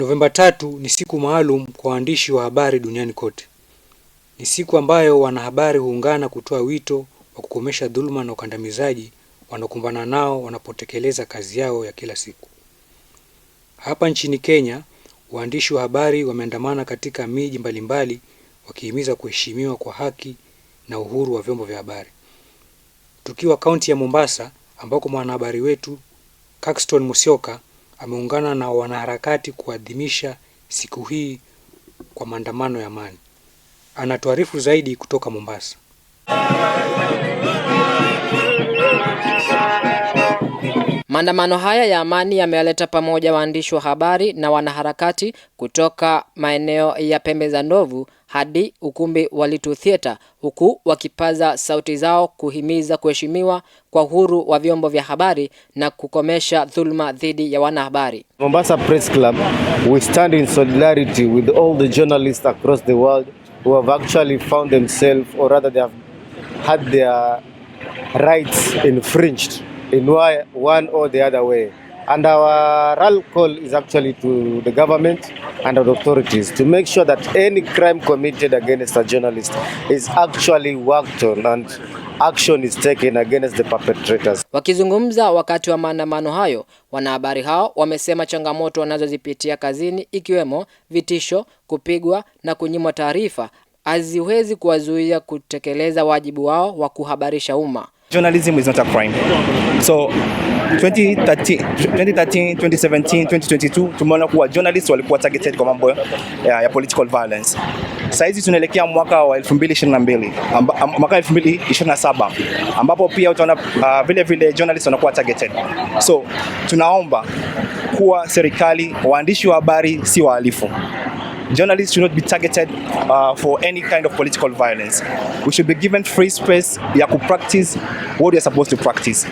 Novemba tatu ni siku maalum kwa waandishi wa habari duniani kote. Ni siku ambayo wanahabari huungana kutoa wito wa kukomesha dhuluma na ukandamizaji wanaokumbana nao wanapotekeleza kazi yao ya kila siku. Hapa nchini Kenya, waandishi wa habari wameandamana katika miji mbalimbali wakihimiza kuheshimiwa kwa haki na uhuru wa vyombo vya habari. Tukiwa kaunti ya Mombasa ambako mwanahabari wetu Caxton Musyoka ameungana na wanaharakati kuadhimisha siku hii kwa maandamano ya amani. Anatuarifu zaidi kutoka Mombasa. Maandamano haya ya amani yamewaleta pamoja waandishi wa habari na wanaharakati kutoka maeneo ya pembe za ndovu hadi ukumbi wa Little Theatre huku wakipaza sauti zao kuhimiza kuheshimiwa kwa uhuru wa vyombo vya habari na kukomesha dhuluma dhidi ya wanahabari. Mombasa Press Club, we stand in solidarity with all the journalists across the world who have actually found themselves or rather they have had their rights infringed in one or the other way and our real call is actually to the government and the authorities to make sure that any crime committed against a journalist is actually worked on and action is taken against the perpetrators. Wakizungumza wakati wa maandamano hayo, wanahabari hao wamesema changamoto wanazozipitia kazini ikiwemo vitisho, kupigwa na kunyimwa taarifa haziwezi kuwazuia kutekeleza wajibu wao wa kuhabarisha umma. Journalism is not a crime. So 2013, 2013, 2017, 2022 tumeona kuwa journalists walikuwa targeted kwa mambo ya, eh, ya political violence. Sasa hizi tunaelekea mwaka wa 2022, mwaka 2027 ambapo pia utaona uh, vile vile journalists wanakuwa targeted. So tunaomba kuwa serikali, waandishi wa habari si wahalifu. Journalists should not be targeted uh, for any kind of political violence. We should be given free space ya ku practice what we are supposed to practice.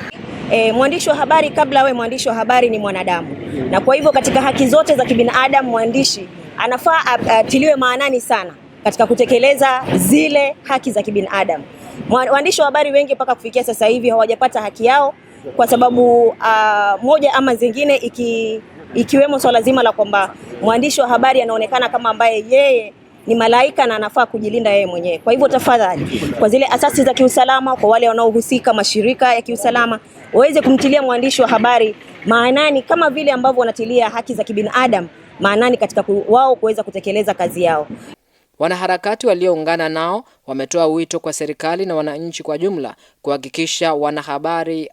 E, mwandishi wa habari kabla awe mwandishi wa habari ni mwanadamu, na kwa hivyo katika haki zote za kibinadamu mwandishi anafaa atiliwe maanani sana katika kutekeleza zile haki za kibinadamu. Waandishi wa habari wengi mpaka kufikia sasa hivi hawajapata haki yao kwa sababu uh, moja ama zingine iki, ikiwemo swala so zima la kwamba mwandishi wa habari anaonekana kama ambaye yeye ni malaika na anafaa kujilinda yeye mwenyewe. Kwa hivyo tafadhali, kwa zile asasi za kiusalama, kwa wale wanaohusika, mashirika ya kiusalama waweze kumtilia mwandishi wa habari maanani kama vile ambavyo wanatilia haki za kibinadamu maanani katika wao kuweza kutekeleza kazi yao. Wanaharakati walioungana nao wametoa wito kwa serikali na wananchi kwa jumla kuhakikisha wanahabari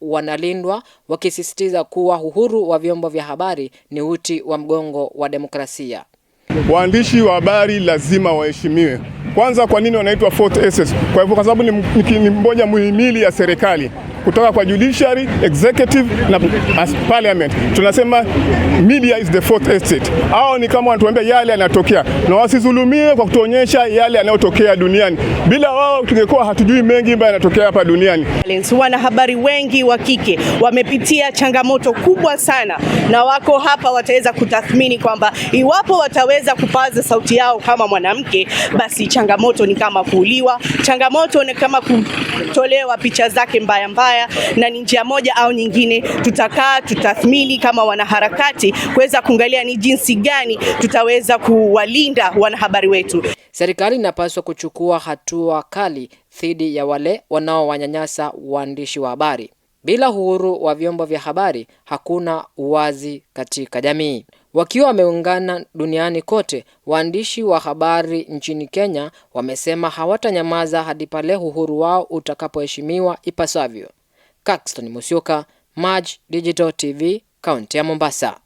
wanalindwa, wakisisitiza kuwa uhuru wa vyombo vya habari ni uti wa mgongo wa demokrasia. Waandishi wa habari lazima waheshimiwe. Kwanza, kwa nini wanaitwa fourth estate? Kwa hivyo, kwa sababu ni, ni mmoja muhimili ya serikali kutoka kwa judiciary, executive na as parliament. Tunasema media is the fourth estate. Hao ni kama wanatuambia yale yanatokea na wasizulumie kwa kutuonyesha yale yanayotokea duniani. Bila wao tungekuwa hatujui mengi ambayo yanatokea hapa duniani. Wanahabari wengi wa kike wamepitia changamoto kubwa sana, na wako hapa wataweza kutathmini kwamba iwapo wataweza kupaza sauti yao kama mwanamke, basi changamoto ni kama kuuliwa, changamoto ni kama kutolewa picha zake mbaya mbaya haya, na ni njia moja au nyingine tutakaa tutathmini kama wanaharakati kuweza kuangalia ni jinsi gani tutaweza kuwalinda wanahabari wetu. Serikali inapaswa kuchukua hatua kali dhidi ya wale wanaowanyanyasa waandishi wa habari. Bila uhuru wa vyombo vya habari hakuna uwazi katika jamii. Wakiwa wameungana duniani kote, waandishi wa habari nchini Kenya wamesema hawatanyamaza hadi pale uhuru wao utakapoheshimiwa ipasavyo. Caxton Musyoka, Maj Digital TV, kaunti ya Mombasa.